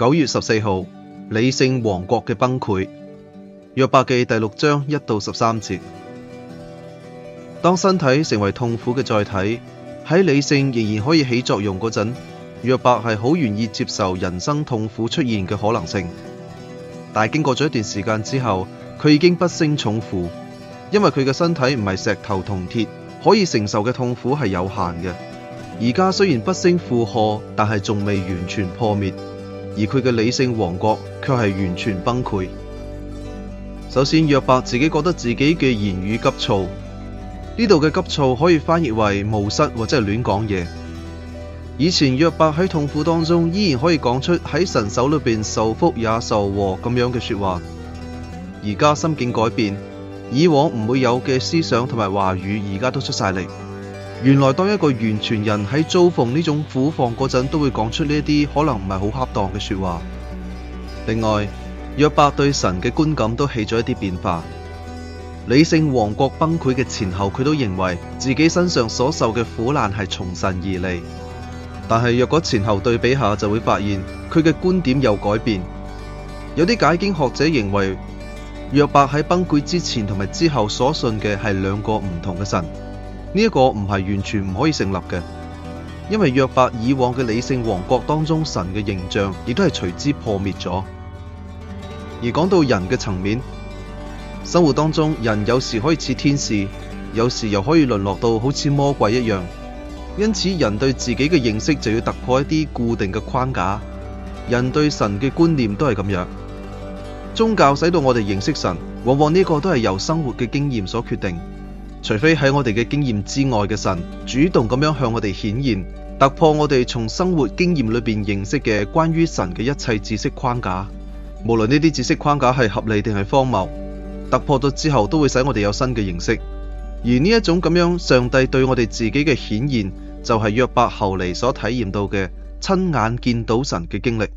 九月十四號，理性王國嘅崩潰。約伯記第六章一到十三節。當身體成為痛苦嘅載體，喺理性仍然可以起作用嗰陣，約伯係好願意接受人生痛苦出現嘅可能性。但係經過咗一段時間之後，佢已經不勝重負，因為佢嘅身體唔係石頭同鐵，可以承受嘅痛苦係有限嘅。而家雖然不勝負荷，但係仲未完全破滅。而佢嘅理性王國卻係完全崩潰。首先，約伯自己覺得自己嘅言語急躁，呢度嘅急躁可以翻譯為冒失或者係亂講嘢。以前約伯喺痛苦當中依然可以講出喺神手裏邊受福也受禍咁樣嘅說話，而家心境改變，以往唔會有嘅思想同埋話語，而家都出晒嚟。原來當一個完全人喺遭逢呢種苦況嗰陣，都會講出呢一啲可能唔係好恰當嘅說話。另外，約伯對神嘅觀感都起咗一啲變化。理性王國崩潰嘅前後，佢都認為自己身上所受嘅苦難係從神而嚟。但係若果前後對比下，就會發現佢嘅觀點有改變。有啲解經學者認為，約伯喺崩潰之前同埋之後所信嘅係兩個唔同嘅神。呢一個唔係完全唔可以成立嘅，因為約伯以往嘅理性王國當中，神嘅形象亦都係隨之破滅咗。而講到人嘅層面，生活當中人有時可以似天使，有時又可以淪落到好似魔鬼一樣。因此，人對自己嘅認識就要突破一啲固定嘅框架。人對神嘅觀念都係咁樣，宗教使到我哋認識神，往往呢個都係由生活嘅經驗所決定。除非喺我哋嘅經驗之外嘅神主動咁樣向我哋顯現，突破我哋從生活經驗裏邊認識嘅關於神嘅一切知識框架，無論呢啲知識框架係合理定係荒謬，突破咗之後都會使我哋有新嘅認識。而呢一種咁樣上帝對我哋自己嘅顯現，就係約伯後嚟所體驗到嘅，親眼見到神嘅經歷。